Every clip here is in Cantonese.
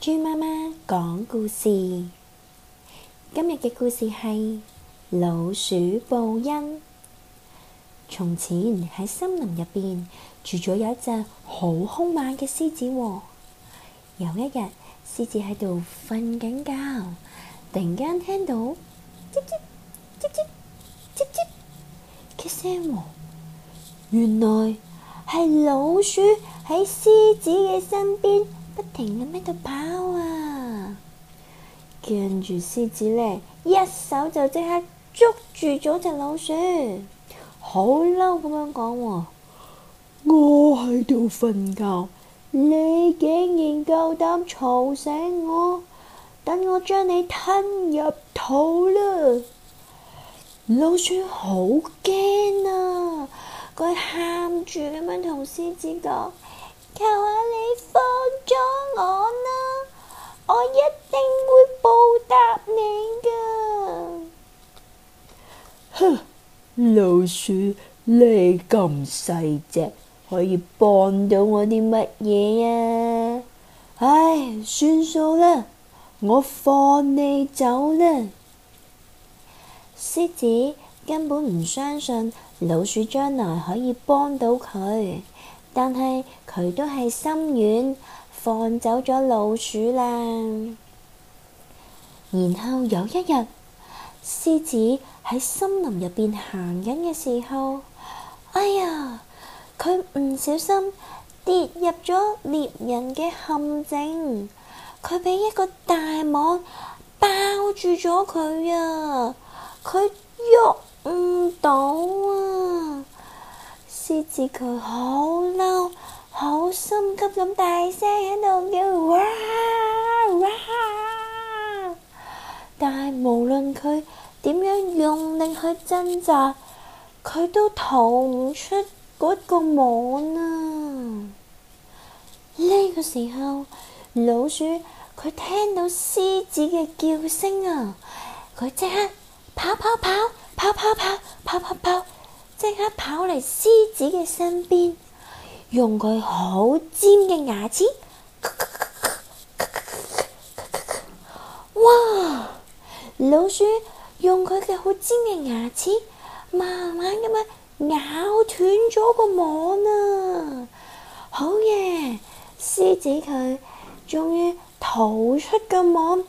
豬媽媽講故事。今日嘅故事係老鼠報恩。從前喺森林入邊住咗有一隻好兇猛嘅獅子喎。有一日，獅子喺度瞓緊覺，突然間聽到吱吱吱吱吱吱嘅聲喎。原來係老鼠喺獅子嘅身邊。不停咁喺度跑啊！跟住獅子呢，一手就即刻捉住咗隻老鼠，好嬲咁樣講：我喺度瞓覺，你竟然夠膽嘈醒我，等我將你吞入肚啦！老鼠好驚啊，佢喊住咁樣同獅子講。求下你放咗我啦，我一定會報答你㗎。哼，老鼠，你咁細隻，可以幫到我啲乜嘢啊？唉，算數啦，我放你走啦。獅子根本唔相信老鼠將來可以幫到佢。但係佢都係心軟，放走咗老鼠啦。然後有一日，獅子喺森林入邊行緊嘅時候，哎呀！佢唔小心跌入咗獵人嘅陷阱，佢俾一個大網包住咗佢啊！佢喐唔到啊！獅子佢好嬲，好心急咁大聲喺度叫哇哇，但係無論佢點樣用力去掙扎，佢都逃唔出嗰個網啊！呢個時候，老鼠佢聽到獅子嘅叫聲啊，佢即刻跑跑跑跑跑跑跑跑跑。跑跑跑跑跑跑跑即刻跑嚟獅子嘅身邊，用佢好尖嘅牙齒。哇！老鼠用佢嘅好尖嘅牙齒，慢慢咁樣咬斷咗個網啊！好嘢，獅子佢終於逃出個網，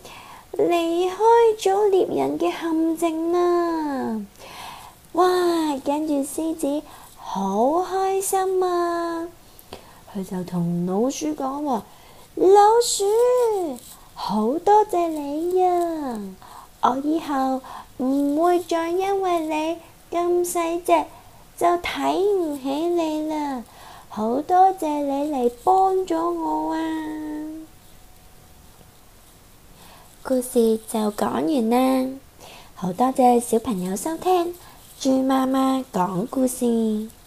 離開咗獵人嘅陷阱啊！哇！跟住獅子好開心啊！佢就同老鼠講：喎，老鼠好多謝你呀！我以後唔會再因為你咁細隻就睇唔起你啦！好多謝你嚟幫咗我啊！故事就講完啦！好多謝小朋友收聽。豬媽媽講故事。